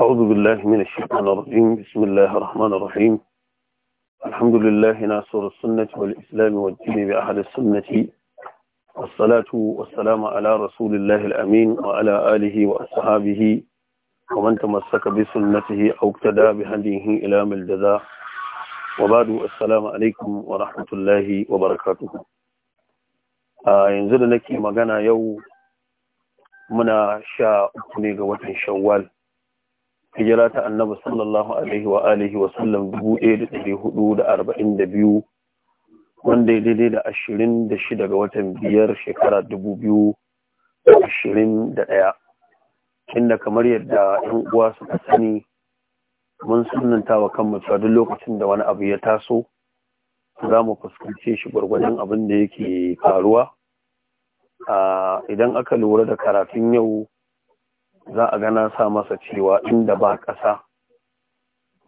أعوذ بالله من الشيطان الرجيم بسم الله الرحمن الرحيم الحمد لله ناصر السنة والإسلام والدين بأهل السنة والصلاة والسلام على رسول الله الأمين وعلى آله وأصحابه ومن تمسك بسنته أو اقتدى بهديه إلى ملجزا وبعد السلام عليكم ورحمة الله وبركاته آه، ينزل لك مغانا يو منا شاء أكني قوة شوال hijira ta annabi sallallahu alaihi wa alihi wa sallam 1442 wanda ya daidai da 26 daga watan biyar shekara 2021 inda kamar yadda yan uwa suka sani mun sunanta wa kanmu mutuwa duk lokacin da wani abu ya taso za mu fuskance shi gwargwadon abin da yake faruwa ah, idan aka lura da karatun yau za a gana sa masa cewa inda ba ƙasa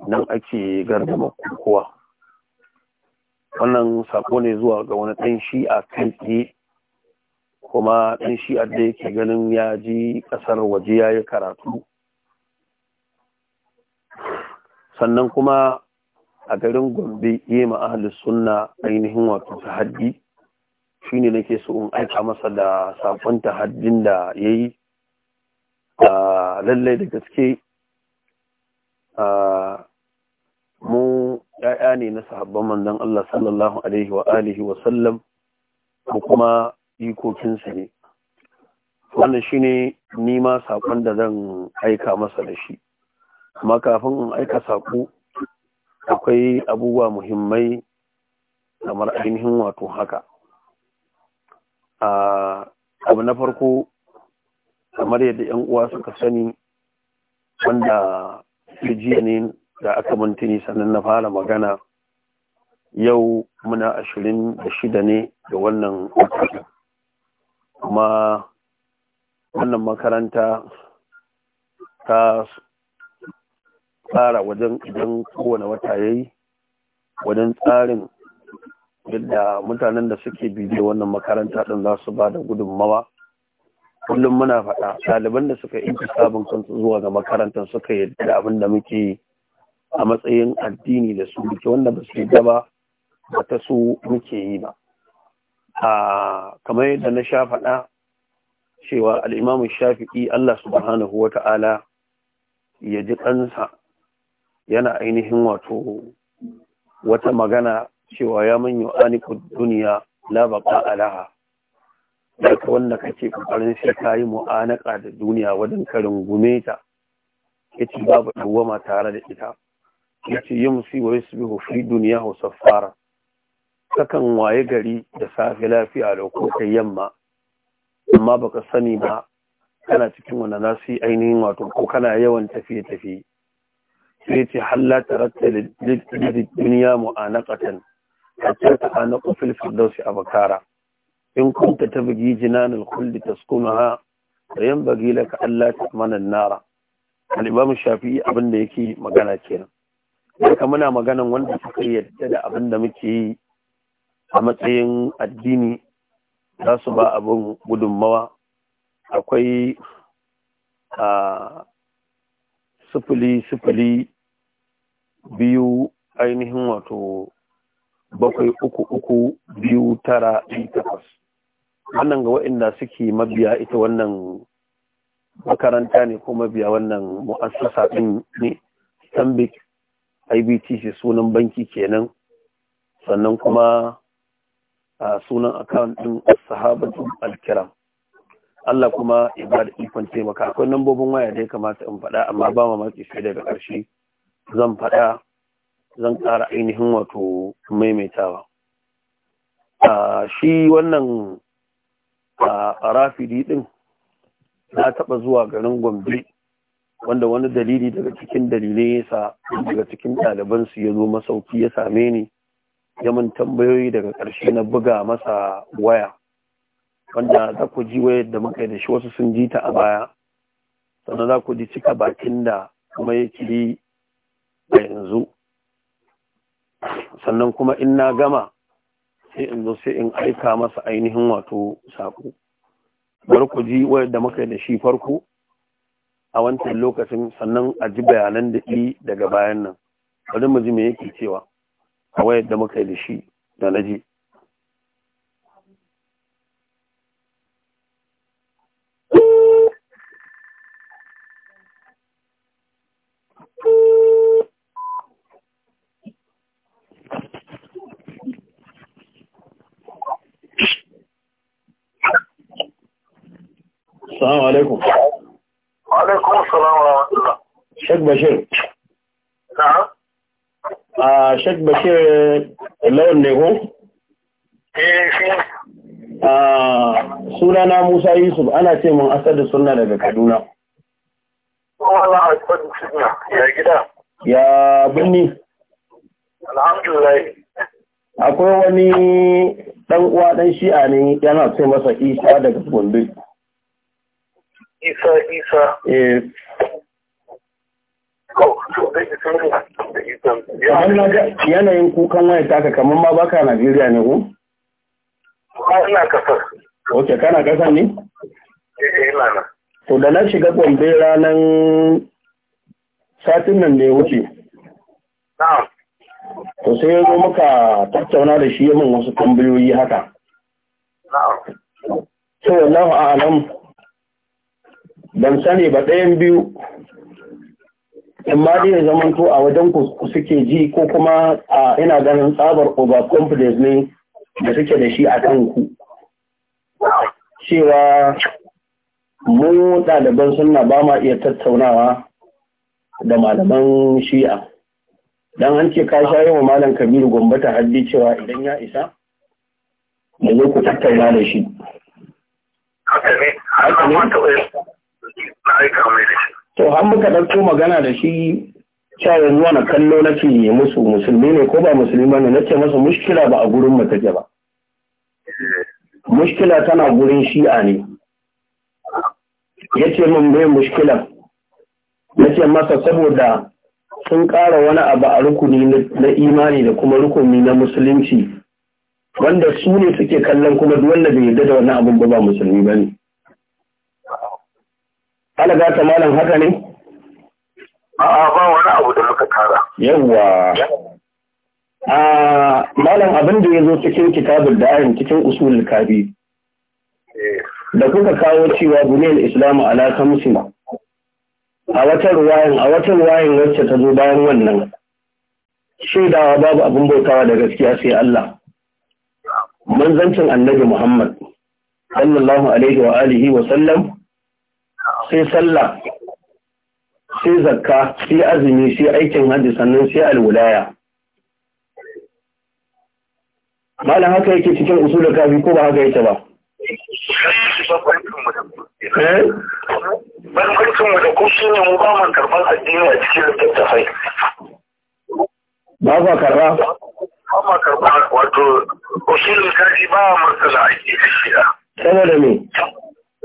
nan ake gardama kukuwa. wannan sako ne zuwa ga wani ɗan shi'a kan tsaye kuma ɗan shi'a da yake ganin ya ji ƙasar waje ya yi karatu sannan kuma a garin gombe yi ma'ahalis sunna ainihin wato ta haddi shi ne nake so in aika masa da sakon ta haddin da ya yi A lallai da gaske mu ‘ya'ya ne na sahabban manzon Allah sallallahu Alaihi wa alihi wa sallam ko kuma ikokinsa ne. Wannan shi ne nima saƙon da zan aika masa da shi. Amma kafin in aika saƙo akwai abubuwa muhimmai kamar ainihin wato haka. Abu na farko kamar yadda yan uwa suka sani wanda jiya ne da aka mantini sannan na fara magana yau muna ashirin da shida ne da wannan kuma wannan makaranta ta tsara wajen idan kowane wata ya yi wajen tsarin yadda mutanen da suke bidiyo wannan makaranta ɗin za su ba da gudunmawa kullum muna faɗa ɗaliban da suka yi sabon kansu zuwa ga makarantar suka yadda da abin da muke a matsayin addini da su muke wanda ba su yadda ba ba ta su muke yi ba a kamar yadda na sha faɗa cewa al'imamu shafi'i Allah subhanahu wa ta'ala ya ji ƙansa yana ainihin wato wata magana cewa ya manyo aniku duniya la baƙa alaha daga wanda kake kokarin sai ka yi mu'anaka da duniya wajen karin gume ta yace babu dawama tare da ita yace su su yusbihu duniya dunyahu safara kakan waye gari da safe lafiya da kai yamma amma baka sani ba kana cikin wanda za su yi ainihin wato ko kana yawan tafiye-tafiye sai ce halla taratta da duniya mu'anaqatan hatta ta ana firdausi a bakara in kunta bugi jinanal kulli 'yan da laka Allah ta manan nara al-imam shafi'i abin da yake magana kenan haka muna maganan wanda suka yadda da abin da muke yi a matsayin addini za su ba abin gudunmawa akwai a sifili sifili biyu ainihin wato bakwai uku uku biyu tara ɗin takwas wannan ga waɗanda suke mabiya ita wannan makaranta ne ko mabiya wannan mu'assasa ɗin ne stanbic ibtc sunan banki kenan sannan kuma a sunan account ɗin al alkiram Allah kuma ya ibada ikon taimaka akwai nambobin waya da ya kamata in faɗa amma ba mamaki sai daga ƙarshe zan faɗa zan ƙara ainihin wato maimaitawa shi wannan a rafidi din na taɓa zuwa garin gombe wanda wani dalili daga cikin dalilai ya daga cikin ɗalibansu ya zo masauki ya same ni ya mun tambayoyi daga ƙarshe na buga masa waya wanda za ku ji wayar da muka yi da shi wasu sun ji ta a baya sannan za ku ji cika bakin da kuma ya kiri a yanzu sannan kuma in na gama sai in zo sai in aika masa ainihin wato saƙo bari ku ji wayar da muka da shi farko a wancan lokacin sannan a ji bayanan da i daga bayan nan bari mu ji me yake cewa a wayar da muka da shi da na je. السلام عليكم وعليكم السلام assalam wa Bashir. Na'am. Ah Sheikh Bashir lawan ne ko? Eh shi. Ah sunana Musa Yusuf ana ce mun asar da daga Kaduna. ya gida. Ya binni. Alhamdulillah. Akwai wani ɗan uwa ɗan shi'a ne yana ce masa Isa daga Gombe. isa eh. oh, yanayin kukan waya taka kamar ma baka Najeriya ne ko? ina kasar. Ok, kana kasar ne? Eh, ina na. To da na shiga Gombe ranar satin nan da ya wuce. Na. To sai ya zo muka tattauna da shi yamin wasu tambayoyi haka. Na'am. To, wallahu a'alam ban sani ba ɗayan biyu in ma dai zaman to a wajen ku suke ji ko kuma a ina ganin tsabar over confidence ne da suke da shi a kan ku cewa mu ɗaliban sunna ba ma iya tattaunawa da malaman shi'a dan an ce ka shayi wa malam kabiru ta haddi cewa idan ya isa da zo ku tattauna da shi to har muka ɗauko magana da shi cewa yanzu wani kallo nake musu musulmi ne ko ba musulmi ba ne ce masa mushkila ba a gurin mu take ba mushkila tana gurin shi'a ne ya ce min mai mushkila Na ce masa saboda sun ƙara wani abu a rukuni na imani da kuma rukuni na musulunci wanda su ne suke kallon kuma wanda bai yarda da wani abin ba ba musulmi ba ne alaga ta malam haka ne A ba wani abu da muka tara Yawwa. a malam abin da ya zo cikin kitabul da'in cikin usulul kabi eh. da kuka kawo cewa buniyar islamu ala kamsina a wata ruwayin, a wata ruwayin wacce ta zo bayan wannan shaidawa babu abin bautawa da gaskiya sai Allah manzancin annabi Muhammad sallallahu alaihi wa alihi wa sallam sai sallah sai zakka sai azumi sai aikin hajji sannan sai alwulaya malam haka yake cikin usulul kafi ko ba haka yake ba eh? da shi ne ba mu a cikin littattafai ba karba ba wato usulul kafi ba karba a cikin saboda me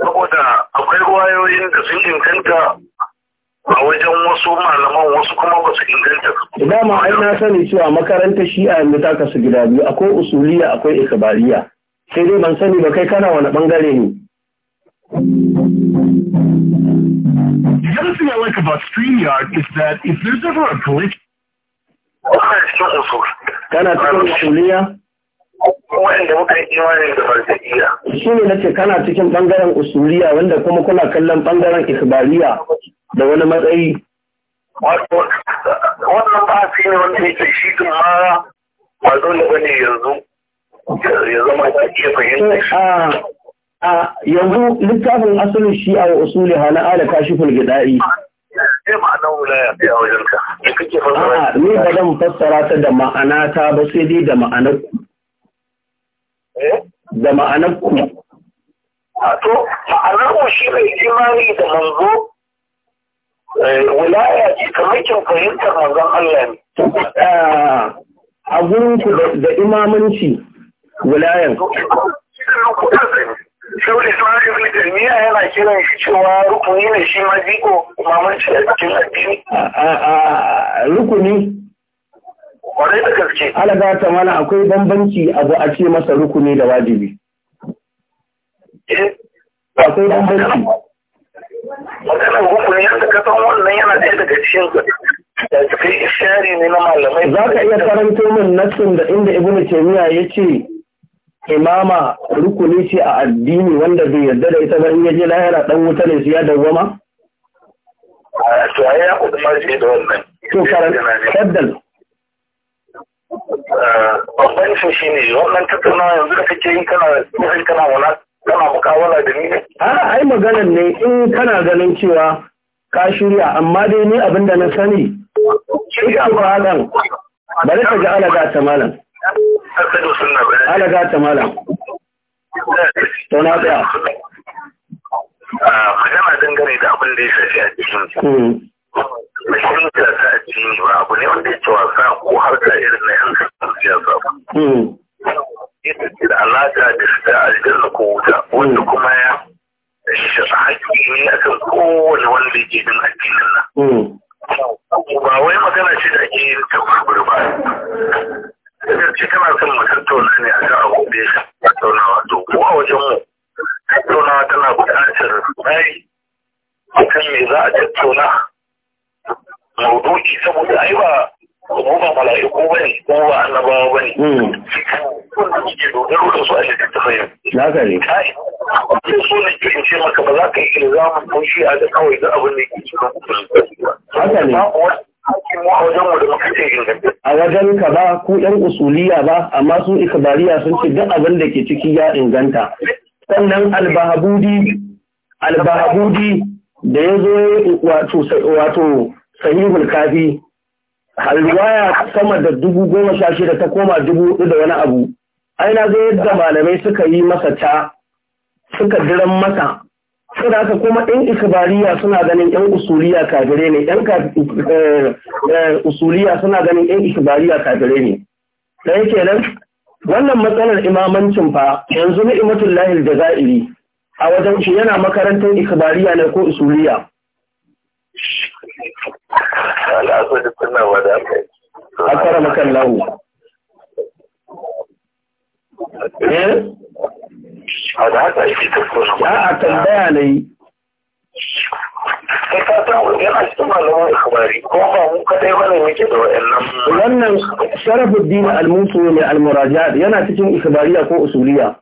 saboda akwai wayoyin da sun inganta a wajen wasu malaman wasu kuma ba su inganta dama ai na sani cewa makarantar shi'a yanzu ta kasu gida biyu akwai usuliya akwai ikabariya. sai dai ban sani ba kai kana wani bangare ne The other thing I like about StreamYard is that if there's ever a glitch... Kana cikin usuliya? wanda muka yi imani da farfadiya. Shi ne nace kana cikin bangaren usuliya wanda kuma kuna kallon bangaren isbariya da wani matsayi. Wannan ba su ne wanda yake shi tun ma ba dole ba ne yanzu ya zama ta iya fahimta. Eh, a ah, ah, yanzu littafin asalin shi a usuli hana ala kashi fulgida'i. Sai eh, ma'ana wulaya a wajenka. A'a, ni ba zan fassara ta da ma'ana ta ba sai dai da ma'anar da ma'anar ku to ma'anar mu shi ne imani da manzo eh, wilaya ce kamar kin fahimtar manzon Allah ne eh, a gurin ku da imamanci wilayan saboda Islam ibn jami'a yana kiran shi cewa rukuni ne shi ma jiko imamanci a cikin addini rukuni Kwarai da gaske. Alaga ta mana akwai bambanci abu a ce masa rukuni da wajibi. Eh. Za ka iya karanto min nassin da inda Ibn Taymiyyah ya ce imama rukuni ce a addini wanda bai yarda da ita ba in yaje lahira dan wuta ne siya da To ai da wannan. To babban shi shi ne wannan tattaunawa yanzu da kake yi kana tsohon kana kana mukawala da ni a ai maganar ne in kana ganin cewa ka shirya amma dai ni abin da na sani ita malam bari ka alaga ta malam alaga ta malam to na tsaya magana dangane da abin da ya shafi a cikin fahimta ta addini ba abu ne wanda ya yake wasa ko harka irin na yan siyasa ba. Da alaƙa da shiga aljanna ko wuta wanda kuma ya haƙƙi ne a kan kowane wanda yake jin addinin nan. Ba wai magana ce da ake yin ta kurbur ba. Kasance kana son mu tattauna ne a kan abu da ya tattaunawa to ko a wajen mu tattaunawa tana buƙatar tsari akan me za a tattauna maudu'i saboda ai ba ko ba mala'iku bane ko ba annabawa bane hmm. wannan ke dogaro da su a littattafai na gare kai so ne ke in ce maka ba za ka yi ilzamin ko shi a da kawai da abin da yake cikin kusurin haka ne a wajen ka ba ku yan usuliya ba amma su ikbariya sun ce duk abin da ke ciki ya inganta sannan albahabudi albahabudi da ya zo wato sahihul kafi riwaya sama da dubu goma sha shida ta koma dubu hudu da wani abu ai na ga yadda malamai suka yi masa ta suka diran masa saboda haka kuma ɗan ikibariya suna ganin ɗan usuliya kafire ne ɗan eh, eh, usuliya suna ganin ɗan ikibariya kafire ne da yake nan wannan matsalar imamancin fa yanzu ni'imatul lahil jazairi a wajen shi yana makarantar ikibariya ne ko usuliya al'asar suna wada kai akara makan lahu eh a da haka yake tafiya a tambaya ne sai ka ta wani yana cikin malamin ikhbari ko ba mu kadai bane muke da wayannan wannan sharafuddin al-musu ne al-murajat yana cikin ikhbariya ko usuliya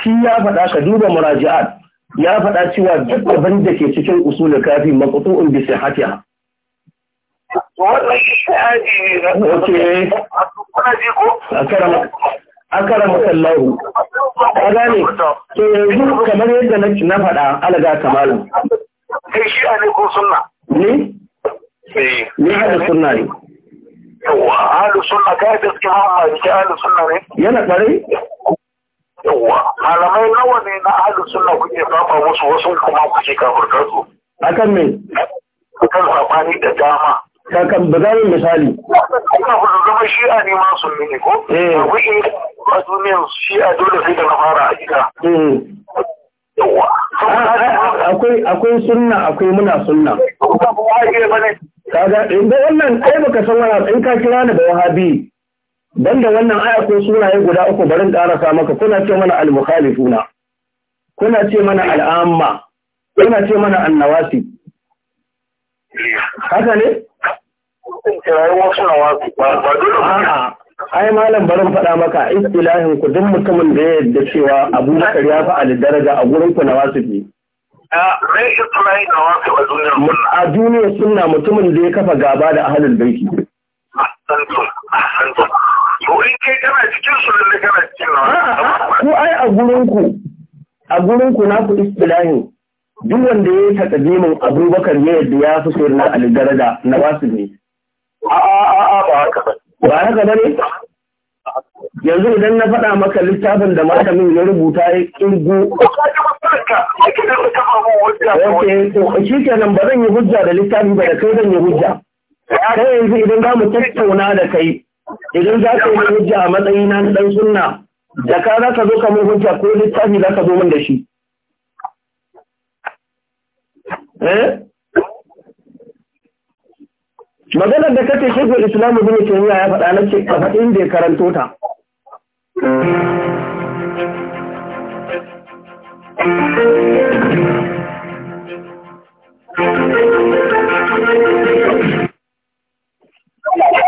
shi ya faɗa ka duba murajaat ya faɗa cewa duk abin da ke cikin usulul kafi maqtu'un bi sihhatiha wannan shahadi ne okay akarama akarama sallahu ka gane to yanzu kamar yadda na faɗa alaga kamalu kai shi a ne ko sunna ni eh. ni hada sunna ne yawa ahlus sunna kai da suke kuma ma ji ahlus sunna ne yana kare yawa malamai nawa ne na ahlus sunna kuke fafa musu wasu kuma kuke kafurtar su akan me akan sabani da dama kakan ba za mu misali ina ku zama shi'a ne ma sunni ne ko eh ku in ba duniyar shi'a dole sai da na fara a gida eh akwai akwai sunna akwai muna sunna kaga in da wannan ai baka san wannan in ka kira ni da wahabi dan da wannan aya ko sunaye guda uku barin karasa maka kuna ce mana al-mukhalifuna kuna ce mana al'amma kuna ce mana annawasi haka ne ai malam barin faɗa maka istilahin ku duk mutumin da ya yadda cewa abubakar ya fi daraja a gurin ku na ne a duniyar sunna mutumin da ya kafa gaba da ahalul baiti in kai kana cikin su lalle kana cikin ku ai a gurin ku a gurin ku na ku istilahi duk wanda ya yi takadimin abubakar yadda ya fi sayar na algarada na wasu ne a a a ba haka ba ba haka ba ne yanzu idan na faɗa maka littafin da malamin ya rubuta ya kirgo shi kenan ba zan yi hujja da littafi ba da kai zan yi hujja kai yanzu idan za mu tattauna da kai idan za ka yi hujja a matsayina na ɗan sunna da ka za ka zo ka mun hujja ko littafi za ka zo min da shi eh? maganar da kace shekul islamu bin taymiya ya faɗa na ce ka ya karanto ta Thank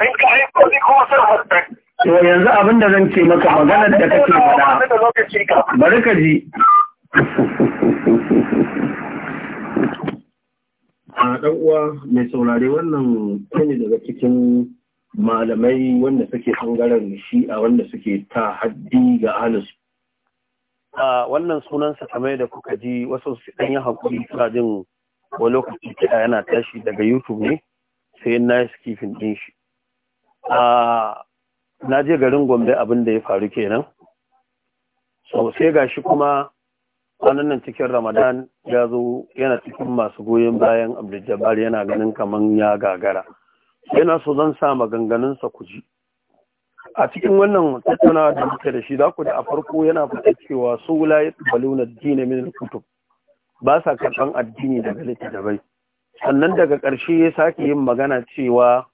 to yanzu abin da zan ce maka maganar da kake faɗa bari ka ji a ɗan uwa mai saurare wannan ne daga cikin malamai wanda suke ɓangaren a wanda suke ta haddi ga ahlus a wannan sunansa kamar da kuka ji wasu su ɗan yi haƙuri suna jin wani lokaci kiɗa yana tashi daga youtube ne sai na yi skifin ɗin shi A'a, na je garin gombe abin da ya faru kenan Sosai gashi kuma kwanan nan cikin ramadan ya zo yana cikin masu goyon bayan abdul yana ganin kaman ya gagara yana so zan sa maganganunsa ku ji a cikin wannan tattauna da muke da shi za ku da a farko yana faɗa cewa su wulaye baluna dina min kutub ba sa karɓan addini daga littattafai sannan daga ƙarshe ya sake yin magana cewa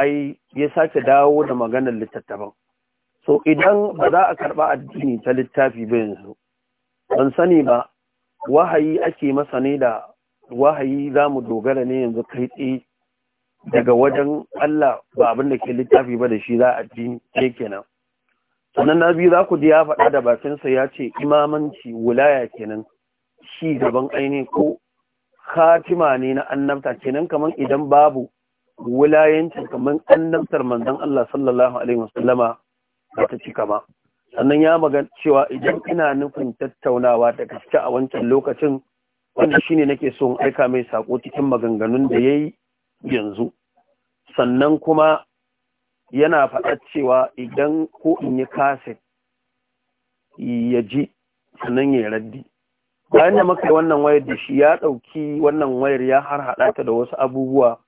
ai ya sake dawo da maganar littattafan so idan ba za a karɓa addini ta littafi ba yanzu ban sani ba wahayi ake masa ne da wahayi za mu dogara ne yanzu kai tsaye daga wajen Allah ba abin da ke littafi ba da shi za a addini ke kenan sannan na biyu za ku ji ya faɗa da bakinsa ya ce imamanci wulaya kenan shi gaban aini ko khatima ne na annabta kenan kamar idan babu wulayancin kamar annabtar manzan Allah sallallahu alaihi wasallama ba ta cika ba sannan ya magana cewa idan ina nufin tattaunawa da gaske a wancan lokacin wanda shine nake son aika mai sako cikin maganganun da ya yi yanzu sannan kuma yana faɗa cewa idan ko in yi kaset ya ji sannan ya raddi bayan da maka wannan wayar da shi ya ɗauki wannan wayar ya har haɗa ta da wasu abubuwa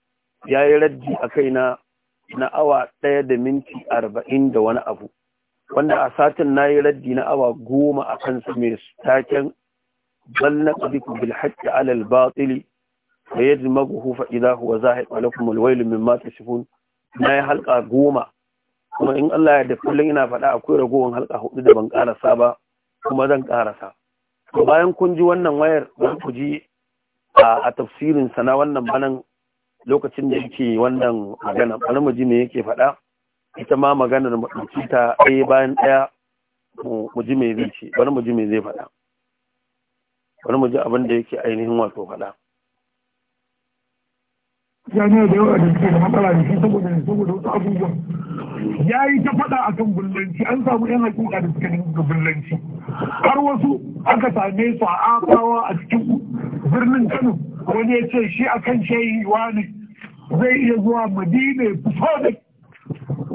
ya yi raddi a kaina na awa ɗaya da minti arba'in da wani abu wanda a satin na yi raddi na awa goma a kansa mai taken balla ƙadiku bil haƙƙi alal batili da ya ji hufa fa'iza huwa za a yi ɓalakun kuma min mata sifun na yi halƙa goma kuma in Allah ya da kullum ina faɗa akwai ragowar halƙa hudu da ban ƙarasa ba kuma zan ƙarasa bayan kun ji wannan wayar ku ji a tafsirin sana wannan banan lokacin da yake wannan magana bari mu ji me yake faɗa ita ma maganar mu ɗauki ta ɗaya bayan ɗaya mu ji me zai ce wani muji ji zai faɗa wani muji abin da yake ainihin wato faɗa ya ne da yawa da suke da matsala da shi saboda saboda wasu abubuwan ya yi ta faɗa a kan bullanci an samu yan hakika da suka dinga bullanci har wasu aka same su a afawa a cikin birnin kano wani ya ce shi a kan wa ne zai iya zuwa madina fito da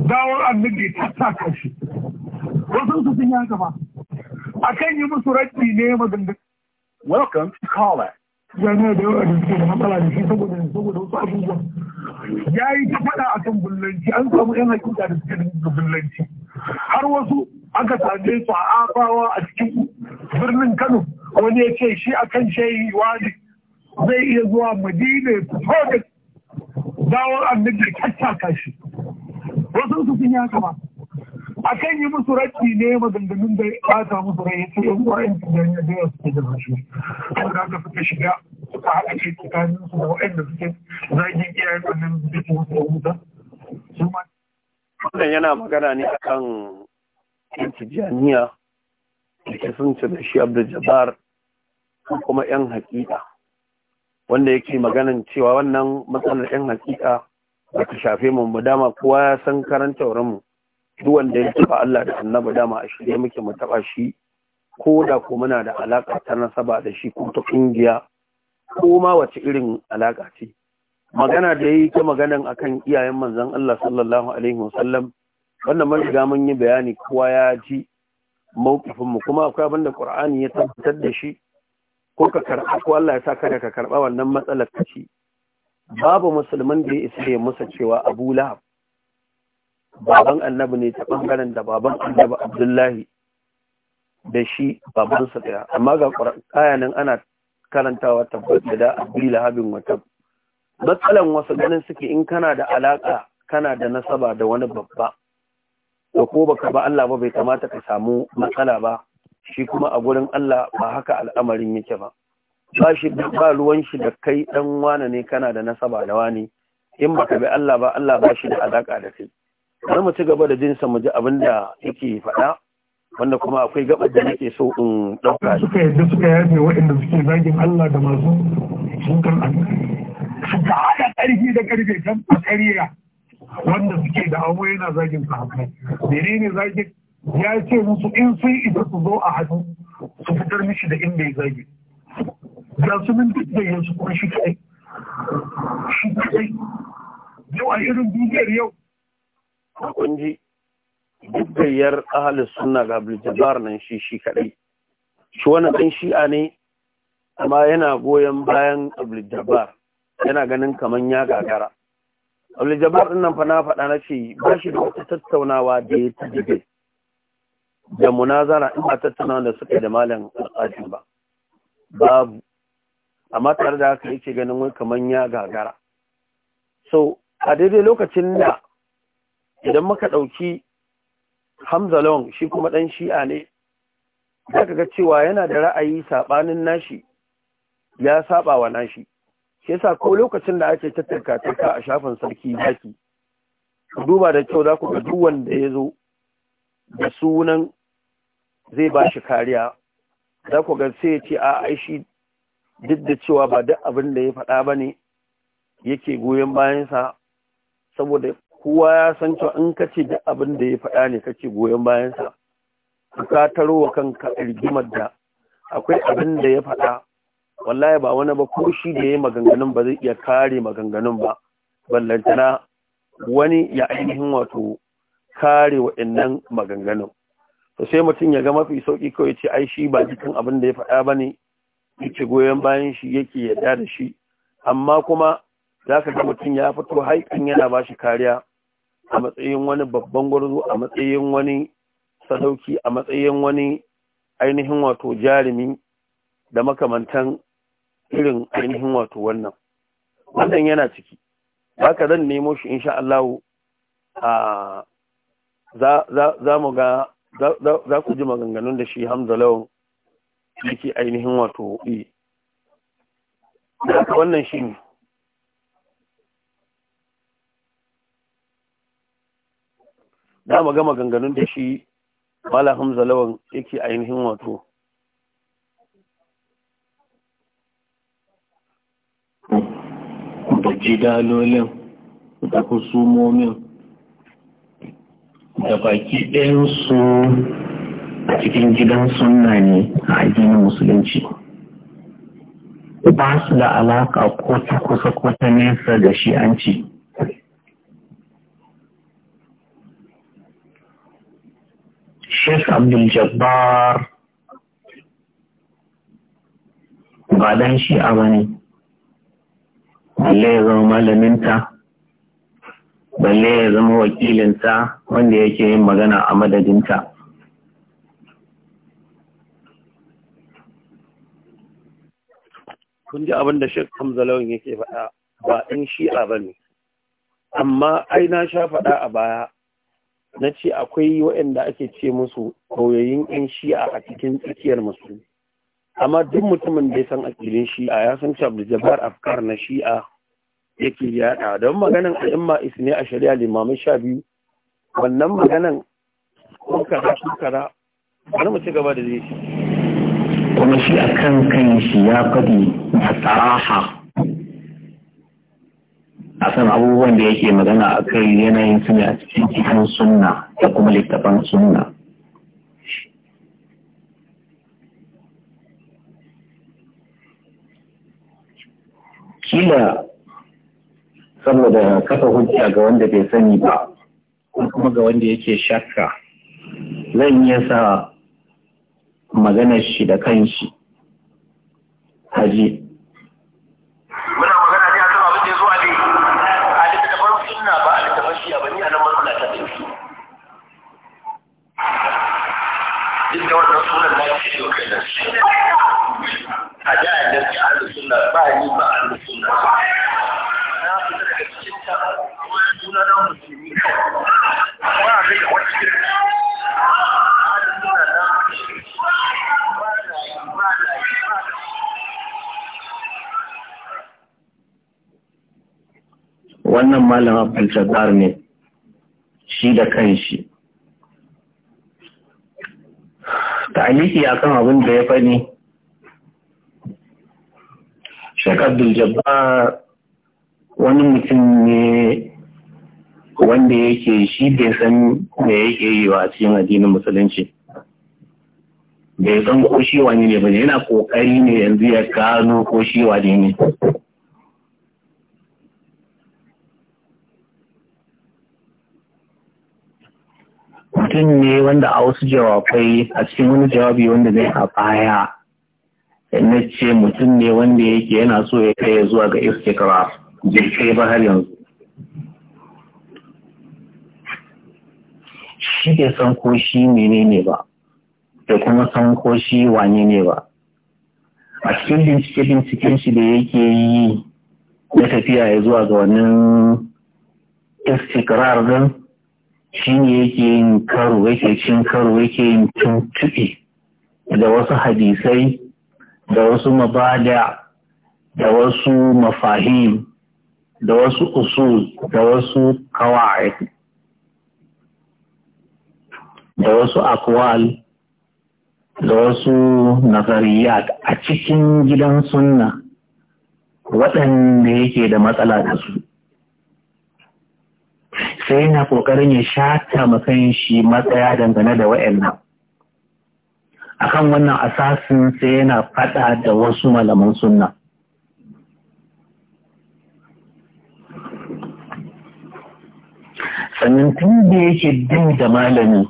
gawar da ya saka shi wasu su sun yaka ba a kan yi musu raddi ne maganganu welcome to call it yana da yawa da suke da matsala da shi saboda saboda wasu abubuwan ya yi ta faɗa a kan bullanci an samu yan hakika da suke da bullanci har wasu aka same su a abawa a cikin birnin kano wani ya ce shi a kan shayi wani zai iya zuwa madina ya fito da gawar annabi da shi wasu su sun yi haka ba akan yi musu rati ne maganganun da ya ta musu rai yace yi uwa yan tijani da yawa suke da rashi da haka suka shiga suka haɗa kai tsakanin su da da suke zagin iyayen wannan da ke musu da wuta su ma wannan yana magana ne a kan tijaniya da ke sun ci da shi abdul kuma yan hakika, wanda yake maganan cewa wannan matsalar yan hakika da ta shafe mu mu dama kowa ya san karanta wurin mu duk wanda ya taba Allah da annabi dama a shirye muke mu taba shi ko da ko muna da alaka ta nasaba da shi ko ta kungiya ko ma wace irin alaka ce magana da yayi ta maganan akan iyayen manzon Allah sallallahu alaihi wasallam wannan mun riga mun yi bayani kowa ya ji mawkifin mu kuma akwai abinda da Qur'ani ya tabbatar da shi ko ka karba ko Allah ya sa kada ka karɓa wannan matsalar ka babu musulman da ya isa ya musa cewa Abu Lahab baban annabi ne ta bangaren da baban annabi abdullahi da shi babansa daya amma ga kayanin ana karantawa tabbata da abila habin wata matsalan wasu ganin suke in kana da alaka kana da nasaba da wani babba da ko baka ba Allah ba bai kamata ka samu matsala ba shi kuma a gurin Allah ba haka al'amarin yake ba ba shi ba ruwan shi da kai dan wane ne kana da nasaba da wani in baka bi Allah ba Allah ba shi da alaka da kai bari mu ci gaba da jinsa mu ji abin da yake faɗa wanda kuma akwai gabar da nake so in ɗauka suka yadda suka yafe waɗanda suke zagin Allah da masu allah. suka haɗa ƙarfi da ƙarfe kan ƙarya wanda suke da Amo yana zagin sahabbai menene zagin ya ce musu in sun isa su zo a hannu su fitar mishi da inda ya zagi ga su min duk da yansu kuma shi kaɗai shi kaɗai yau a irin duniyar yau kunji duk gayyar ahalin sunna ga abdul nan shi shi kadai shi wani ɗan shi'a ne amma yana goyon bayan abdul yana ganin kaman ya gagara abdul ɗin nan fana faɗa na ce ba shi da wata tattaunawa da ya ta jibe da munazara in ba tattaunawa da suka da malam alƙashin ba babu amma tare da haka yake ganin wai kaman ya gagara so a daidai lokacin da idan muka ɗauki hamza long shi kuma ɗan shi'a ne za ka ga cewa yana da ra'ayi saɓanin nashi ya saɓa wa nashi shi yasa ko lokacin da ake tattarka ta a shafin sarki zaki duba da kyau za ku ga duk wanda ya zo da sunan zai ba shi kariya za ku ga sai ya ce a aishi duk da cewa ba duk abin da ya faɗa ba ne yake goyon bayansa saboda kowa ya san cewa in ka ce duk abin da ya faɗa ne kake goyon bayansa ka taro wa kanka rigimar da akwai abin da ya faɗa wallahi ba wani ba ko shi da ya yi maganganun ba zai iya kare maganganun ba ballantana wani ya ainihin wato kare waɗannan maganganun to sai mutum ya ga mafi sauƙi kawai ce ai shi ba jikin abin da ya faɗa ba ne yake goyon bayan shi yake yarda da shi amma kuma za ka ga mutum ya fito haikin yana ba shi kariya a matsayin wani babban gwarzo a matsayin wani sadauki a matsayin wani ainihin wato jarumi da makamantan irin ainihin wato wannan wannan yana ciki Ba ka zan nemo shi insha Allah a za mu ga za ku ji maganganun da shi Hamza Lawan yake ainihin wato yi wannan shi ne Da mu gama ganganun da shi mala hamza lawan yake ainihin wato da jidalolin da husumomin da baki ɗayansu a cikin gidan sunna ne a addinin musulunci ba su da alaka ko ta kusa ko ta nesa da shi'anci Sheikh Abdul Jabbar ba dan shi a bane balle ya zama malaminta balle ya zama wakilinta wanda yake yin magana a madadinta kun ji abin da Sheikh Hamza yake faɗa ba ɗan shi'a ba ne amma ai na sha faɗa a baya na ce akwai waɗanda ake ce musu ƙauyayin 'yan shi'a a cikin tsakiyar musulmi amma duk mutumin da ya san akilin shi'a ya san cewa jabar afkar na shi'a yake yaɗa don maganan a'imma isne a shari'a limamai sha biyu wannan maganan kunkara kunkara wani mu ci gaba da zai shi kuma shi a kan kan shi ya faɗi tsaraha san abubuwan da yake magana a kai yanayin su ne a cikin cikin sunna da kuma littafan sunna kila saboda kafa hujja ga wanda bai sani ba kuma ga wanda yake shakka zan iya sa maganar shi da kanshi haji masa ɗinki duk da wannan sunan na ce yau kai nan a da a nan ta ahlus sunna ba ni ba ahlus sunna na fita daga cikin ta suna na musulmi kawai ba a rage wata irin ahlus sunna na ba da ba da ba da wannan malam abdul jabbar ne shi da kanshi ta'aliki kan abin da ya fani Sheikh Abdul wani mutum ne wanda yake shi bai san me yake yi wa cikin addinin musulunci bai san ko shi wani ne ba. yana kokari ne yanzu ya gano ko shi wani ne mutum ne wanda a wasu jawabai a cikin wani jawabi wanda zai a baya na ce mutum ne wanda yake yana so ya kai zuwa ga istikrar bai kai ba har yanzu shi bai san ko shi menene ba da kuma san ko shi wane ne ba a cikin bincike binciken shi da yake yi na tafiya ya zuwa ga wannan istikrar din shi ne yake yin karo yake cin karo yake yin tuntuɓe da wasu hadisai da wasu mabada da wasu mafahim da wasu usul da wasu kawai da wasu akwal da wasu nazariyat a cikin gidan sunna waɗanda yake da matsala da su sai yana kokarin ya shata matsayin shi matsaya dangane da wa'annan akan wannan asasin sai yana fada da wasu malaman sunna sannan tun da yake din da malami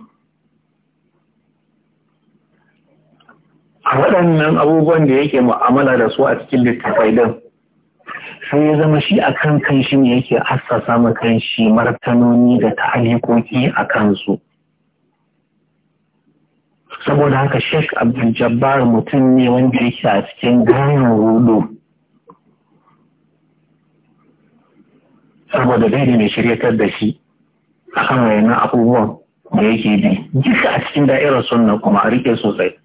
a waɗannan abubuwan da yake mu'amala da su a cikin littattafai din sai ya zama shi a kan kan shi ne yake assasa ma kan shi martanoni da ta'alikoki a kansu saboda haka sheik abdul jabbar mutum ne wanda yake a cikin gayan rudu saboda zai ne mai shiryatar da shi a kan wayannan abubuwan da yake bi duka a cikin da'irar sunna kuma a rike sosai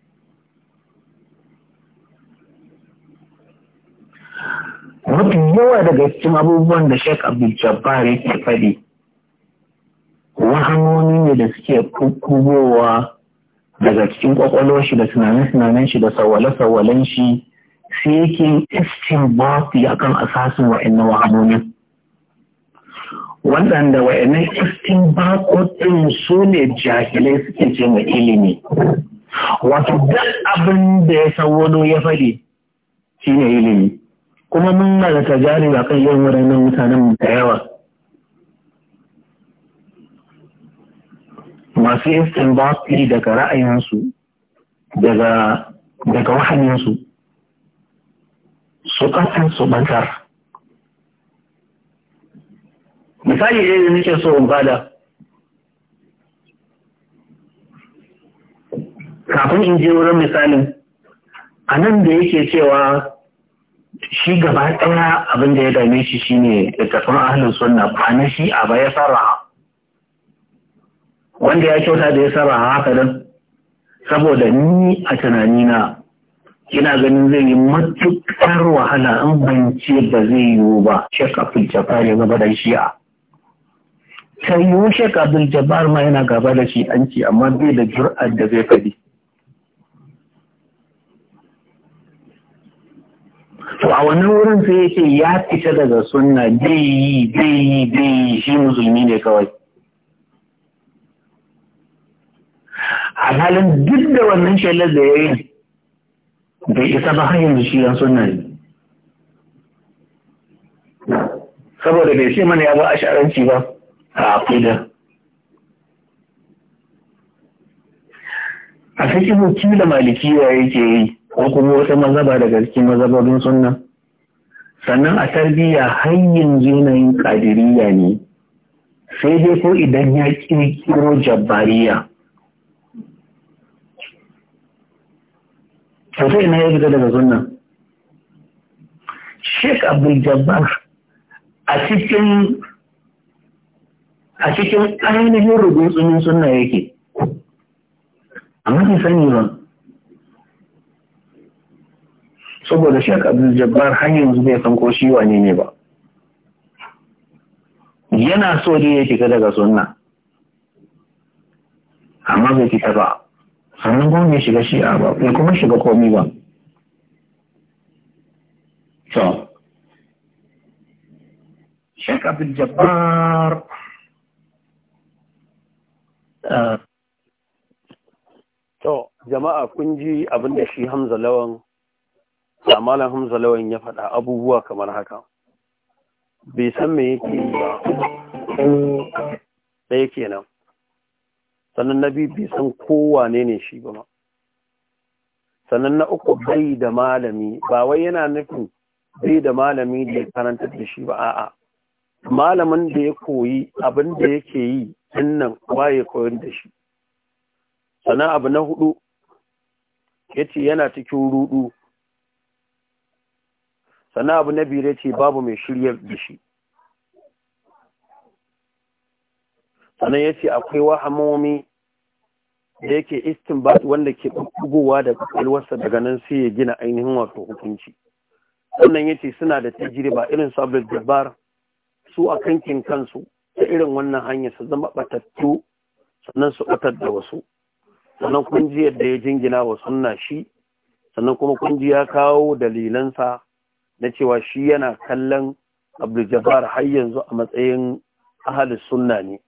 yawa daga cikin abubuwan da Sheikh Abdul Jabbar yake faɗi wahanoni ne da suke kukkubowa daga cikin kwakwalwar shi da tunanen-tunanen shi da sawale-sawalen shi sai yake istinbati akan asasin wa'annan wahanoni waɗanda wa'annan istinbakotin su ne jahilai suke ce mai ilimi wato duk abin da ya sawwano ya faɗi shine ilimi kuma mun ma da tajari a kan wurin nan mutanen mu da yawa masu istinbati daga ra'ayinsu daga daga wahaninsu su ƙasar su bantar misali ɗaya da nake so in bada kafin in je wurin misalin a nan da yake cewa shi gaba ɗaya abin da ya dame shi shine littattafan ahlin sunna ba na shi a ba ya wanda ya kyauta da ya sarraha haka dan saboda ni a tunanina ina ganin zai yi matuƙar wahala in bance ba zai yiwu ba shek abdul jabbar ya gaba da shi'a ta yiwu shek abdul jabbar ma yana gaba da shi an ce amma bai da jur'ar da zai faɗi to a wannan wurin sai ya ya fita daga sunna dai yi dai yi bai yi shi musulmi ne kawai A halin duk da wannan shelar da ya yi bai isa ba hanyar yanzu shi yan sunna ne saboda bai ce mana ya ba a sha'aranci ba a afida a cikin da malikiya yake yi ko kuma wata mazaba daga cikin mazababin sunna sannan a tarbiyya hanyar yanzu yanayin ƙadiriya ne sai dai ko idan ya kirkiro jabbariya sosai ina ya fita daga sunna sheik abdul jabbar a cikin a cikin ainihin rubutsunin sunna yake amma bai sani ba saboda shek abdul jabbar har yanzu bai san ko shi wane ne ba yana so ne ya fita daga sunna amma bai fita ba sannan kuma bai shiga shi'a ba bai kuma shiga komi ba to shek abdul jabbar uh, to jama'a kun ji abin da shi hamza lawan malam hamza lawan ya faɗa abubuwa kamar haka bai san me yake ba ɗaya kenan sannan na biyu bai san kowane ne shi ba sannan na uku bai da malami ba wai yana nufin bai da malami da ya karanta da shi ba a'a malamin da ya koyi abin da yake yi dinnan nan koyon koyar da shi sannan abu na hudu yace yana cikin rudu sannan abu na biyar ce babu mai shirya da shi sannan ya ce akwai wahamomi da yake ba wanda ke bugowa da kwakwalwarsa daga nan sai ya gina ainihin wato hukunci sannan ya ce suna da ba irin su da jabbar su a kankin kansu ta irin wannan hanyar su zama batattu sannan su batar da wasu sannan kun ji yadda ya jingina wa sunna shi sannan kuma kunji ya kawo dalilansa na cewa shi yana kallon Abdul har yanzu a matsayin ahalin sunna ne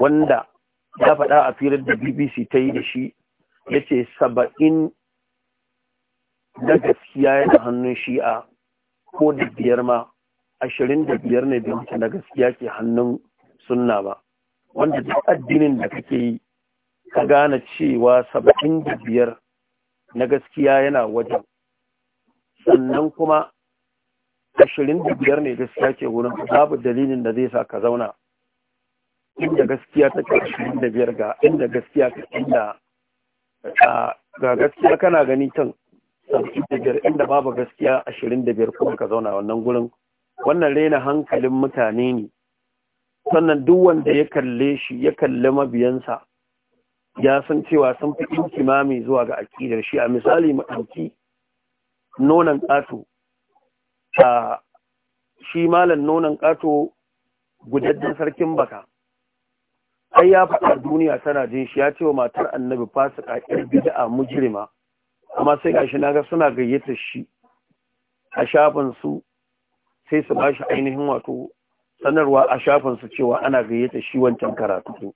wanda ya faɗa a firar da BBC ta yi da shi ya ce saba'in na gaskiya yana hannun shi'a ko da biyar ma ashirin da biyar ne ta na gaskiya ke hannun sunna ba wanda duk addinin da kake yi ka gane cewa saba'in da biyar na gaskiya yana wajen sannan kuma ashirin da biyar ne gaskiya ke wurin babu dalilin da zai sa ka zauna inda gaskiya ta ke ashirin da biyar ga inda gaskiya ta inda ga gaskiya kana gani can saba'in da biyar inda babu gaskiya ashirin da biyar kuma ka zauna wannan gurin wannan rena hankalin mutane ne sannan duk wanda ya kalle shi ya kalle mabiyansa ya san cewa sun fi kimami zuwa ga aƙidar shi a misali mu ɗauki nonon ƙato a shi malan nonon ƙato gudaddin sarkin baka ai ya faɗa duniya tana jin shi ya ce wa matar annabi fasika ƙyar bid'a mujrima amma sai gashi naga suna gayyatar shi a shafin su sai su ba shi ainihin wato sanarwa a shafin su cewa ana gayyata shi wancan karatu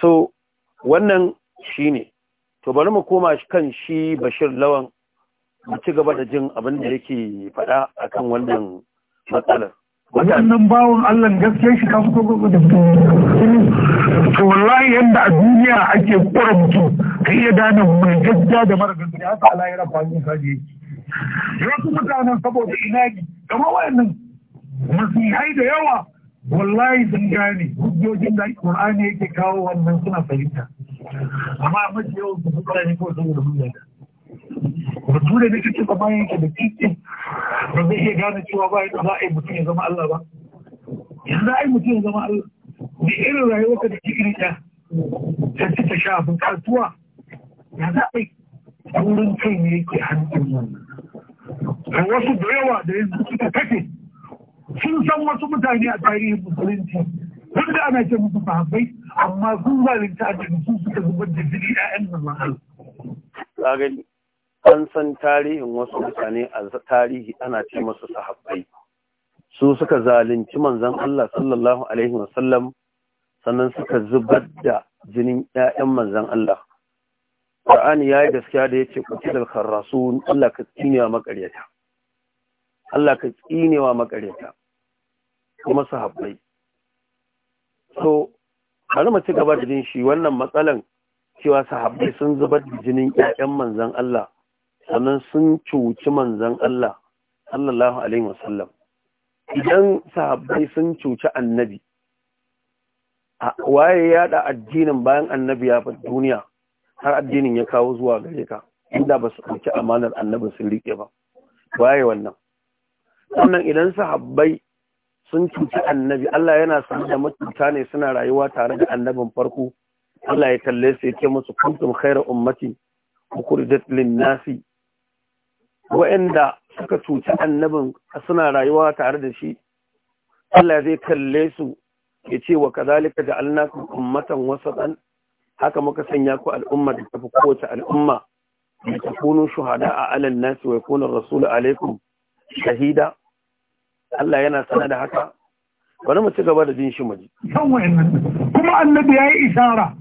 so wannan shine to bari mu koma kan shi Bashir Lawan mu ci gaba da jin abin da yake faɗa akan wannan matsalar wannan bawon Allah gaske shi fito kogo da to wallahi yadda a duniya ake kura mutum ka iya gane mai gaskiya da mara gaskiya haka Allah ya rafa mu kaje wasu mutanen saboda inagi kamar wayannan masihai da yawa wallahi sun gane hujjojin da Qur'ani yake kawo wannan suna fahimta amma mace yau su fi ne ko mun rubuta bature da cikin ba bayan ka da cikin ba zai iya gane cewa ba yadda za a yi mutum ya zama Allah ba ya za a yi mutum ya zama Allah da irin rayuwar ka da cikin ta ta ci ta sha abin kasuwa ya za a yi wurin kai ne yake hannun wannan a wasu da yawa da yanzu suka kake sun san wasu mutane a tarihin musulunci duk da ana ce musu sahabbai amma sun zalunta a cikin su suka zubar da jini 'ya'yan nan Allah. an san tarihin wasu mutane a tarihi ana ce masu sahabbai su suka zalunci manzon Allah sallallahu alaihi wasallam sannan suka zubar da jinin ƴaƴan manzon Allah Qur'ani yayi gaskiya da yace kutilal kharrasun Allah ka tsinewa makaryata Allah ka tsinewa makaryata kuma sahabbai so bari mu ci gaba da jin shi wannan matsalan cewa sahabbai sun zubar da jinin ƴaƴan manzon Allah sannan sun cuci manzan Allah sallallahu alaihi wasallam idan sahabbai sun cuci annabi waye yada addinin bayan annabi ya fi duniya har addinin ya kawo zuwa gare ka inda ba su ɗauki amanar annabi sun riƙe ba waye wannan sannan idan sahabbai sun cuci annabi Allah yana sanar da mutunta ne suna rayuwa tare da annabin farko Allah ya kalle su ya ce musu kuntum khairu ummati ukhrijat lin-nasi waɗanda suka cuci annabin suna rayuwa tare da shi Allah zai kalle su ya ce wa kazalika ja'alnakum ummatan wasatan haka muka sanya ku al'umma da tafi kowace al'umma da takunu shuhada a alal nasi wa yakuna rasulu alaikum shahida Allah yana sana da haka bari mu ci gaba da jin shi muji kuma annabi yayi isara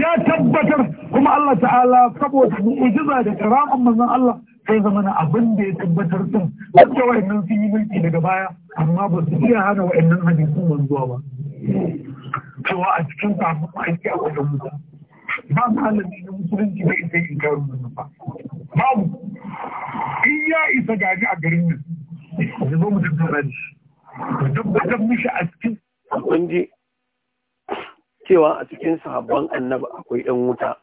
ya tabbatar kuma Allah ta'ala saboda mu'jiza da karamin manzon Allah sai zama na abin da ya tabbatar din wanda wa'annan sun yi mulki daga baya amma ba su iya hana wa'annan hadisun wanzuwa ba cewa a cikin samun aiki a wajen mutu ba malami na musulunci bai sai in karu da ba babu in ya isa gaji a garin nan da zo mu tara da shi mu tabbatar mishi a cikin kun ji cewa a cikin sahabban annaba akwai yan wuta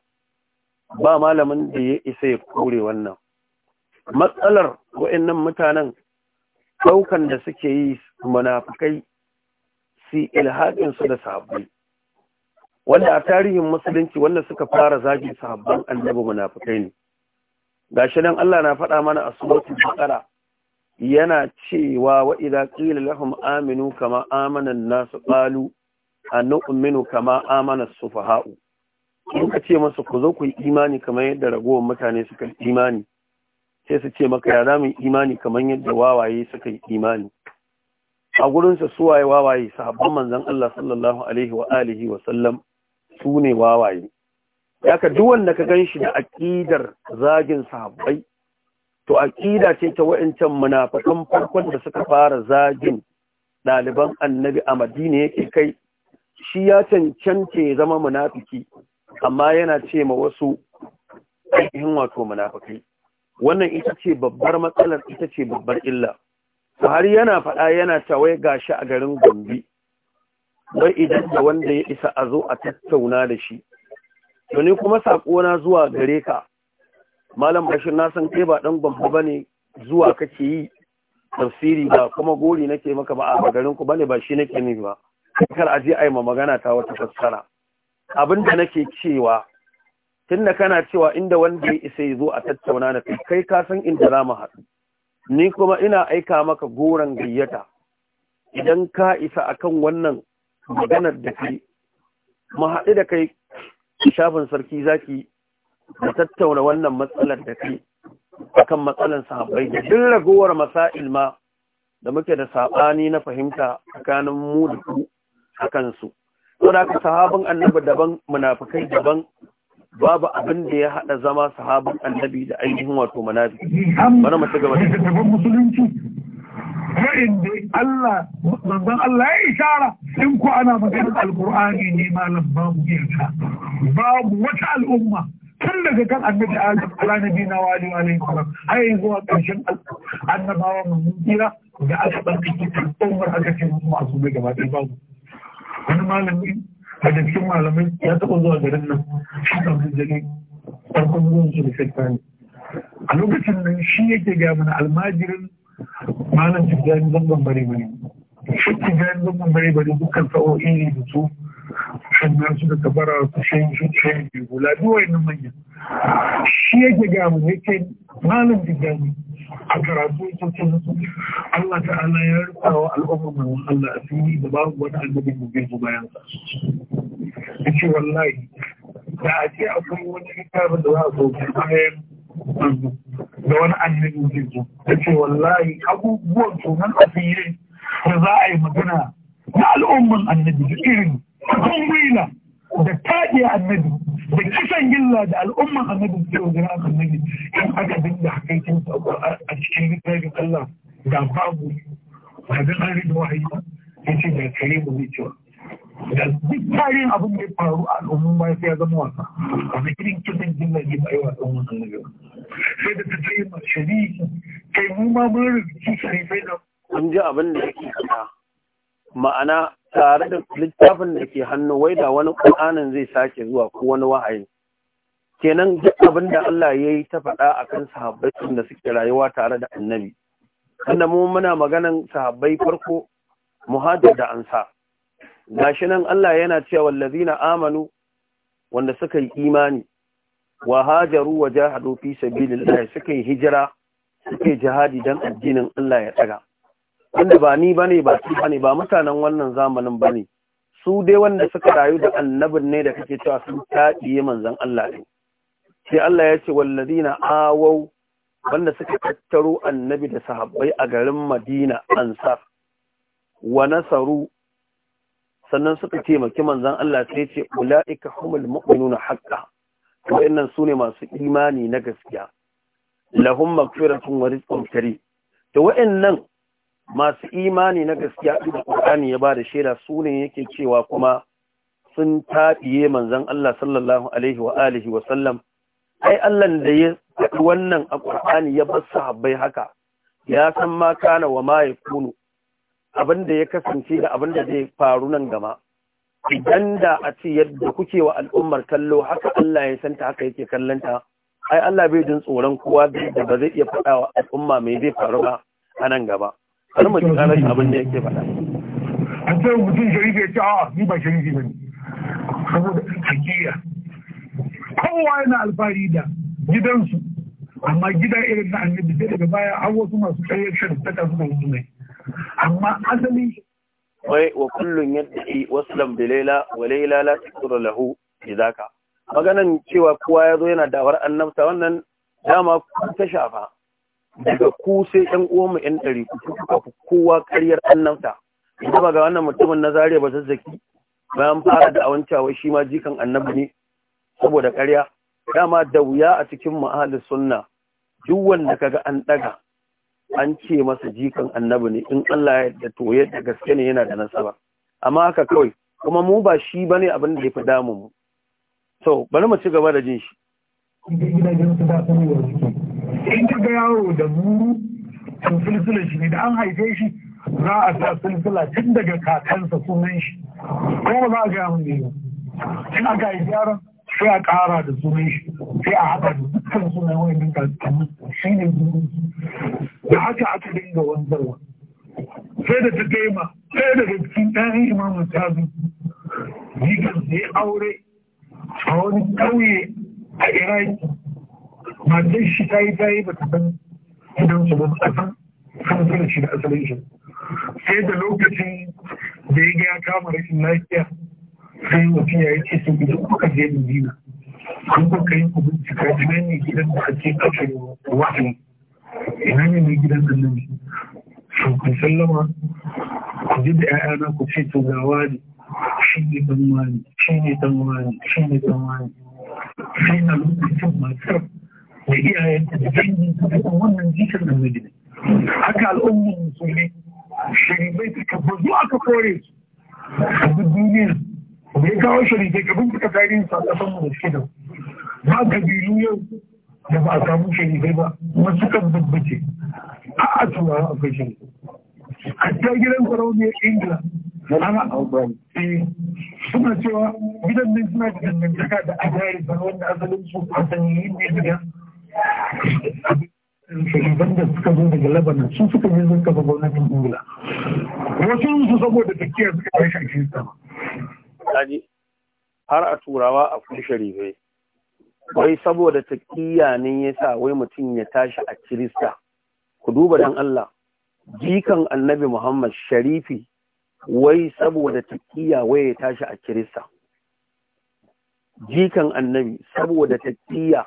ba malamin da ya isa ya kore wannan matsalar wa'annan mutanen ɗaukan da suke yi munafukai su ilhaɗinsu da sahabbai wanda a tarihin musulunci wanda suka fara zagi sahabban annabi munafukai ne gashi nan Allah na faɗa mana a suratul baqara yana cewa wa idza qila lahum aminu kama amana an-nas qalu anu'minu kama amana as-sufaha'u in ka ce masa ku zo ku yi imani kamar yadda ragowar mutane suka yi imani sai su ce maka ya zamu imani kamar yadda wawaye suka yi imani a gurinsa su waye wawaye sahabban manzon Allah sallallahu alaihi wa alihi wa sallam su ne wawaye ka duk wanda ka shi da aƙidar zagin sahabbai to aqida ce ta wa'ancan munafikan farkon da suka fara zagin ɗaliban annabi a madina yake kai shi ya cancance ya zama munafiki amma yana ce ma wasu ainihin wato munafikai wannan ita ce babbar matsalar ita ce babbar illa Buhari yana faɗa yana wai gashi a garin Gombe wai idan da wanda ya isa a zo a tattauna da shi to ni kuma na zuwa gare ka malam Bashir na san kai ba dan Gombe ne zuwa kake yi tafsiri ba kuma gori nake maka ba a garin ku bane ba shi nake ni ba kar a je a yi ma magana ta wata fassara abin da nake cewa Tun da kana cewa inda wanda ya isa ya zo a tattauna na kai kai ka san inda za mu haɗu ni kuma ina aika maka goron gayyata idan ka isa akan wannan maganar da ke, mu haɗu da kai shafin sarki zaki da tattauna wannan matsalar da ke akan matsalar sahabbai da duk ragowar masail ma da muke da saɓani na fahimta tsakanin mu da ku akan su saboda sahabin annabi daban munafukai daban babu abin da ya haɗa zama sahabin annabi da ainihin wato manabi bana mu ci gaba da tabbin musulunci ra'in da Allah manzon Allah ya isara. in ku ana maganar alqur'ani ne malam babu yarda babu wata al'umma tun daga kan annabi Adam ala nabi na wa alaihi salam har zuwa ƙarshen annabawa mun kira da aka ɗauki umar aka ce masu gaba ɗaya babu wani malami daga cikin malamai ya taɓa zuwa garin nan shi ɗauki jari farkon zuwan shi da shekara a lokacin nan shi yake ga mana almajirin malam tijjani zangon bare bare shi tijjani zangon bare bare dukkan sa'o'i ne da su sannan su da kabara su shan su shan hula duk wayannan manyan shi yake ga mu yake malam digani a karatu yake sun Allah ta'ala ya rufa wa al'ummar mu Allah asiri da babu wani annabi mu bai bayan sa yace wallahi da a ce akwai wani littafin da za a zo bayan da wani annabi zai zo yace wallahi abubuwan sunan asirin da za a yi magana na al'umman annabi da irin abin wila da taɗi annabi da kisan gilla da al'umman annabi ke wajen annabi in aka dinga hakaitin a cikin littafin Allah da babu ba da an rida wahayi ba ya ce da kare mu zai cewa da duk tarihin abin da ya faru a al'umman ba sai ya zama wasa a irin kisan gilla ne ba yi wasan wannan annabi ba sai da ta tsaye ma shari'i kai mu ma mun rubuci shari'ai da an ji abin da yake kasa ma'ana tare da littafin da ke hannu wai da wani ƙur'anin zai sake zuwa ko wani wahayi kenan duk abin da Allah ya yi ta faɗa a kan sahabbai da suke rayuwa tare da annabi tunda mu muna maganan sahabbai farko muhajir da ansa gashi nan Allah yana cewa wallazina amanu wanda suka yi imani wa hajaru wa jahadu fi sabilillah suka yi hijira suke jihadi dan addinin Allah ya ɗaga wanda ba ni bane ba su bane ba mutanen wannan zamanin bane su dai wanda suka rayu da annabin ne da kake cewa sun taɗiye manzon Allah ne sai Allah ya ce walladina awau wanda suka tattaro annabi da sahabbai a garin Madina ansar wa nasaru sannan suka taimaki manzon Allah sai ce ula'ika humul mu'minuna haqqa wayannan sune masu imani na gaskiya lahum maghfiratun wa rizqun karim to wayannan masu imani na gaskiya da Qur'ani ya ba da shaida su ne yake cewa kuma sun taɓiye manzon Allah sallallahu alaihi wa alihi wa sallam ai Allah da ya faɗi wannan a ƙur'ani ya bar habai haka ya san ma kana wa ma abinda ya kasance da abinda zai faru nan gaba idan da a ce yadda kuke wa al'ummar kallo haka Allah ya santa haka yake kallanta ai Allah bai jin tsoron kowa da ba zai iya faɗawa al'umma mai zai faru ba a nan gaba har mu ji kalan abin da yake faɗa An ce mutum sharifi ya ce a ni ba sharifi ba ne saboda hakiya kowa yana alfahari da gidansu amma gida irin na annabi sai daga baya har wasu masu karyar shariftaka suka yi mai amma asali wai wa kullun yaddi waslam bi laila wa laila la tusra lahu idaka maganan cewa kowa zo yana dawar annabta wannan dama kun ta shafa daga ku sai ɗan uwanmu 'yan ɗari ku kuka fi kowa ƙaryar annabta idan ba ga wannan mutumin na zare ba zazzaki bayan fara da awancawa shi ma jikan annabi ne saboda ƙarya dama da wuya a cikin ma'alis sunna duk wanda kaga an ɗaga an ce masa jikan annabi ne in Allah ya da to yadda gaske ne yana da nasaba amma haka kawai kuma mu ba shi bane abin da ya fi damu mu so bari mu ci gaba da jin shi in ta ga yaro da buru to silsilar shi ne da an haife shi za a sa silsila tun daga kakansa sunan shi ko ba za a gaya mun ne in aka haifi yaron sai a ƙara da sunan shi sai a haɗa da dukkan sunan wani kakanni shi ne buru da haka aka dinga wanzarwa sai da ta taima sai daga cikin ɗayan imamun tabi jikin sai aure a wani ƙauye a iraki matan shi ta yi tayi ba ta san gidan su ba ta san hankali shi da asalin shi sai da lokacin da ya ga ya kama rashin lafiya sai mutum ya yi ce sun idan kuka je Madina kun kuka yi ku bincika ina ne gidan da ake kashe wahayi ina ne ne gidan annabi to ku sallama ku ji da 'ya'yana ku ce to ga wani shi ne dan wani shi ne dan wani shi ne dan wani sai na lokacin matar da iyayenta da dangi su san wannan jikin da miji ne haka al'ummar musulmi shiribai suka bazu aka kore su a duk duniyar da ya kawo shiribai kafin suka tarihin sa kasan mu da suke da ba kabilu yau da ba a samu shiribai ba kuma sukan bubbuce a a tura akwai shiribai hatta gidan sarauniyar ingila ana eh, suna cewa gidan nan suna da dangantaka da agari wanda asalin su asalin yin ne daga shugaban da suka zo daga Lebanon su suka je sun kafa gwamnatin Ingila. Wasu su saboda tafiya suka kai shakin sama. Kaji har a turawa a kun sharifai. Wai saboda takiya ne ya sa wai mutum ya tashi a Kirista. Ku duba dan Allah. Jikan annabi Muhammad Sharifi wai saboda takiya wai ya tashi a Kirista. Jikan annabi saboda takiya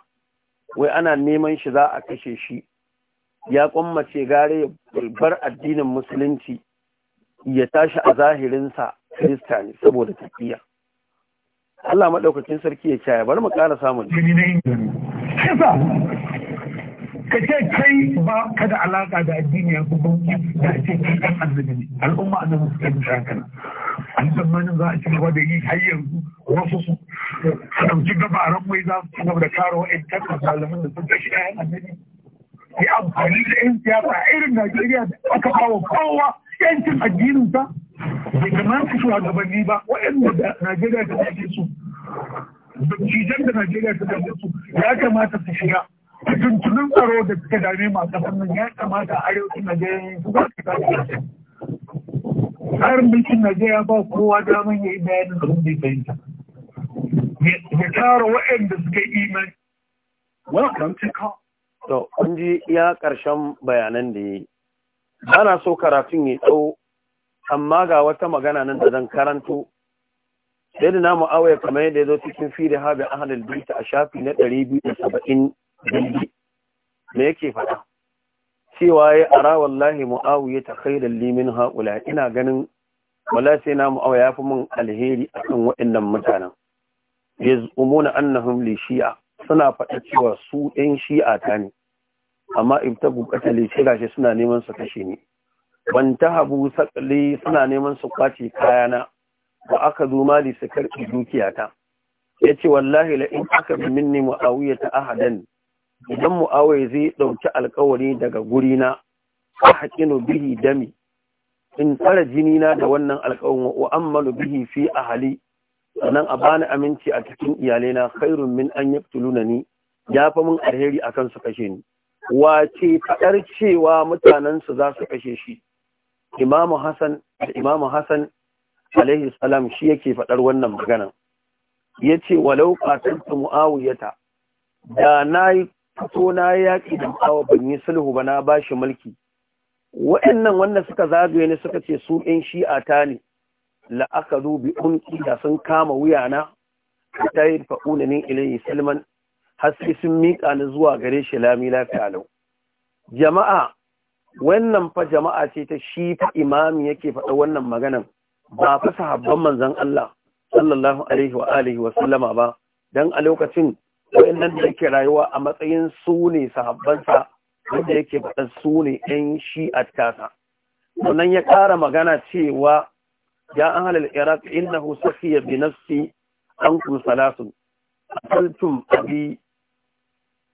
wai ana neman shi za a kashe shi ya kwammace gare ya bar addinin musulunci ya tashi a zahirinsa kirista ne saboda tafiya Allah maɗaukakin sarki ya caya bar mu ƙara samun. ka ce kai ba ka da alaka da addini ya kuma da ce kai ɗan annabi ne al'umma a annabi suka yi shakana an tsammanin za a ci gaba da yi har yanzu wasu su ɗauki gabaran mai za su ci gaba da kare wa'in tattar malamin da sun tashi ɗayan annabi ya amfani da yan siyasa a irin Najeriya da aka kawo kowa yancin addininsa bai kamata shugabanni ba waɗanda Najeriya ta tashi su da da Najeriya ta tashi su ya kamata su shiga da tuntunin tsaro da suka dame masu hannun ya kamata a arewacin Najeriya su ba su kare tsarin mulkin Najeriya ba kowa damar ya yi bayanin abin da ya fahimta. Ya tara waɗanda suka yi imani. Welcome to call. To, kun ji ya ƙarshen bayanan da ya yi. Ana so karatun ya tso, amma ga wata magana nan da zan karanto. Sai da namu awaya kamar yadda ya zo cikin fili habi ahalil bita a shafi na ɗari biyu da saba'in Me da yake fata cewa ya ara wallahi mu'awiya ta khairan limin haƙula ina ganin wala sai na mu'awa ya fi mun alheri a kan waɗannan mutanen ya umuna na li shi'a suna faɗa cewa su ɗan shi'a ta ne amma ta qatali sai gashi suna neman su kashe ni ban Habu sakali suna neman su kwace kayana ba aka zo mali su karɓi dukiyata ya ce wallahi la in aka bi minni mu'awiya ta ahadan idan mu'awai zai ɗauki alkawari daga gurina a haƙinu bihi dami in tsara jini na da wannan alkawarin wa ammalu bihi fi hali. sannan a bani aminci a cikin iyalena khairun min an tuluna ni ya fa mun alheri akan su kashe ni wace faɗar cewa mutanensu za su kashe shi imamu hassan da imamu hassan alaihi salam shi yake faɗar wannan magana ya ce walau ƙasarta mu'awiyata da na yi fito na yaƙi da bawa ban yi sulhu ba na ba shi mulki wa'annan wanda suka zagaye ne suka ce su ɗin shi'a ta ne la'akazu bi unki da sun kama wuyana ta yi fa'una ne ilayi salman haske sun miƙa ni zuwa gare shi lami lafiya lau jama'a wannan fa jama'a ce ta shi fa imami yake faɗa wannan maganan ba fasa sahabban manzon Allah sallallahu alaihi wa alihi wa sallama ba dan a lokacin nan da yake rayuwa a matsayin su ne sahabbansa wanda yake faɗa su ne ɗan a tasa sannan ya ƙara magana cewa ya an halal iraq innahu safiya bi nafsi an kun salasun asaltum abi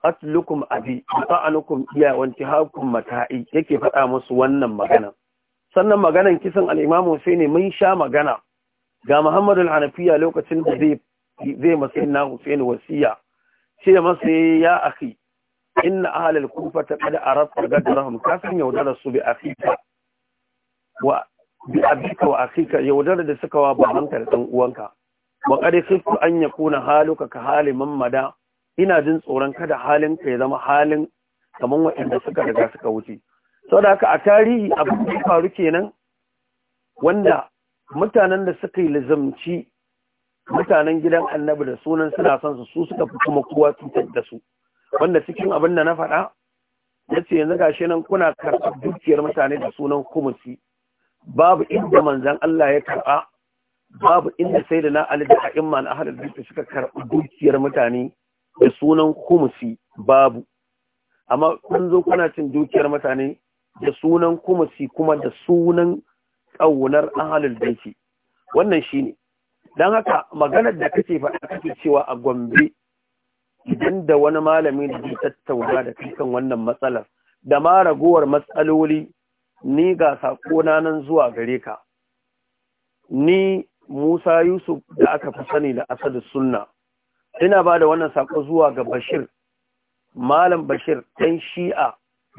atlukum abi ta'anukum iya wanti hakum mata'i yake faɗa musu wannan magana sannan maganan kisan al'imamu sai ne mun sha magana ga Muhammadu al'anafiya lokacin da zai masu masai na Husaini wasiya masu masa ya akhi inna ahlal kufa qad ga gadrahum ka san yaudara su bi afika wa bi abika wa afika yaudara da suka wa ɗan da dan uwanka wa qad ku an yakuna haluka ka hali mamada ina jin tsoron kada halin ka ya zama halin kaman waɗanda suka riga suka wuce saboda haka a tarihi abin da faru kenan wanda mutanen da suka yi lizamci mutanen gidan annabi da sunan suna son su su suka fi kuma kowa cutar da su wanda cikin abin da na faɗa ya ce yanzu gashi nan kuna karɓar dukiyar mutane da sunan kumusi babu inda manzan Allah ya karɓa babu inda sai da na Ali da a'imma na ahlul dukiyar suka karɓi dukiyar mutane da sunan kumusi babu amma kun zo kuna cin dukiyar mutane da sunan kumusi kuma da sunan ƙaunar ahlul bait wannan shine don haka maganar da kake faɗa kake cewa a gombe idan da wani malami da ke tattauna da kai kan wannan matsalar da ma ragowar matsaloli ni ga sakona nan zuwa gare ka ni Musa Yusuf da aka fi sani da Asadu Sunna ina ba da wannan sako zuwa ga Bashir Malam Bashir ɗan Shi'a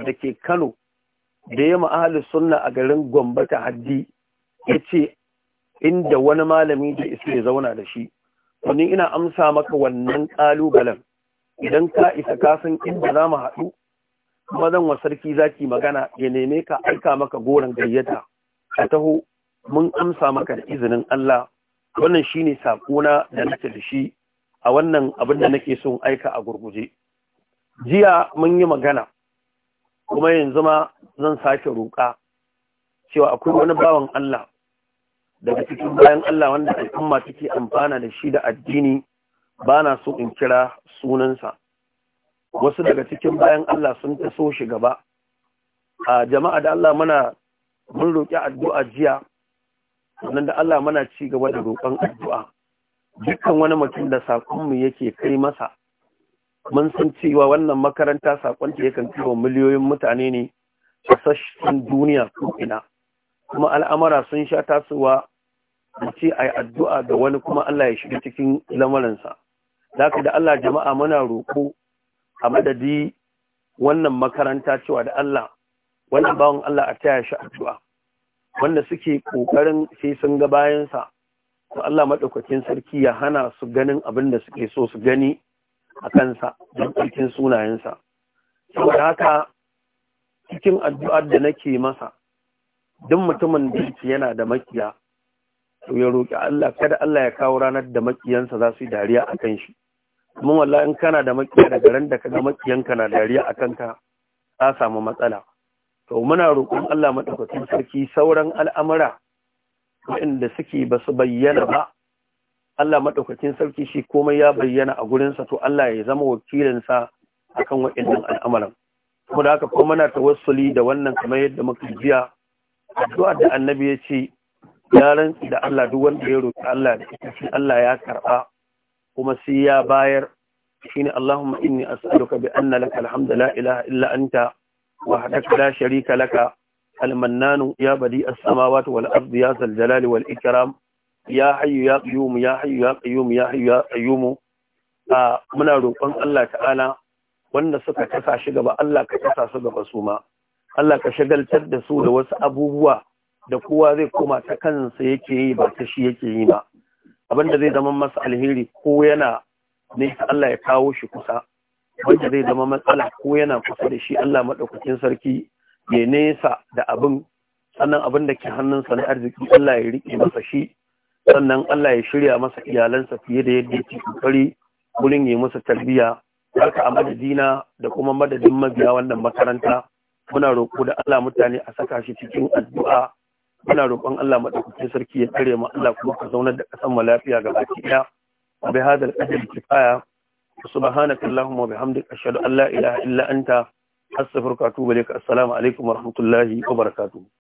da ke Kano da ya ma'ahalin sunna a garin Gombe ta haddi ya ce inda wani malami da isa ya zauna da shi wani ina amsa maka wannan ƙalubalen idan ka isa kasan inda za mu haɗu kuma zan wa sarki zaki magana ya neme ka aika maka goron gayyata a taho mun amsa maka da izinin Allah wannan shi ne saƙona da nake da shi a wannan abin da nake son aika a gurguje jiya mun yi magana kuma yanzu ma zan sake roƙa cewa akwai wani bawan Allah daga cikin bayan Allah wanda al'umma take amfana da shi da addini ba na so in kira sunansa wasu daga cikin bayan Allah sun ta so shi gaba a jama'a da Allah muna mun roƙi addu'a jiya sannan da Allah muna ci gaba da roƙon addu'a dukkan wani mutum da mu yake kai masa mun san cewa wannan makaranta sakonta yakan wa miliyoyin mutane ne sassan duniya ko ina kuma al'amara sun sha tasowa mu ce a yi addu'a ga wani kuma Allah ya shiga cikin lamarinsa. Za ka da Allah jama'a muna roƙo a madadi wannan makaranta cewa da Allah, wannan bawan Allah a taya shi addu'a, wanda suke ƙoƙarin sai sun ga bayansa, to Allah maɗaukakin sarki ya hana su ganin abin da suke so su gani a kansa don ƙarfin sunayensa. Saboda haka cikin addu'ar da nake masa, duk mutumin da yana da makiya, to ya roƙi Allah kada Allah ya kawo ranar da makiyansa za su yi dariya a kan shi kuma wallahi in kana da makiya daga ran da kaga makiyanka na dariya a kanka ka samu matsala to muna roƙon Allah madaukakin sarki sauran al'amura waɗanda suke ba su bayyana ba Allah madaukakin sarki shi komai ya bayyana a gurinsa to Allah ya zama wakilinsa akan waɗannan al'amuran kuma da haka ko muna tawassuli da wannan kamar yadda muka jiya addu'a da annabi ya ce ya rantsi da Allah duk wanda ya roƙi Allah da ita Allah ya karɓa kuma sai ya bayar shine Allahumma inni as'aluka bi anna laka alhamdu la ilaha illa anta wahdaka la sharika laka المنان a بديع السماوات والأرض يا ذا الجلال والإكرام يا حي يا قيوم يا حي يا قيوم يا حي يا قيوم muna roƙon Allah ta'ala wanda suka kasa shi gaba Allah ka kasa su gaba su ma Allah ka shagaltar da su da wasu abubuwa da kowa zai koma ta kansa yake yi ba ta shi yake yi ba abinda zai zama masa alheri ko yana ne Allah ya kawo shi kusa wanda zai zama matsala ko yana kusa da shi Allah maɗaukakin sarki ya nesa da abin sannan abin da ke hannunsa na arziki Allah ya rike masa shi sannan Allah ya shirya masa iyalansa fiye da yadda yake kokari gurin yi masa tarbiyya haka a madadina da kuma madadin mabiya wannan makaranta muna roƙo da Allah mutane a saka shi cikin addu'a muna roƙon Allah madaukakin sarki ya tare mu Allah kuma ka zaunar da kasan mu lafiya ga baki daya bi hadal qadri kifaya subhanaka allahumma wa bihamdika ashhadu an la ilaha illa anta astaghfiruka wa atubu ilaik assalamu alaikum wa rahmatullahi wa barakatuh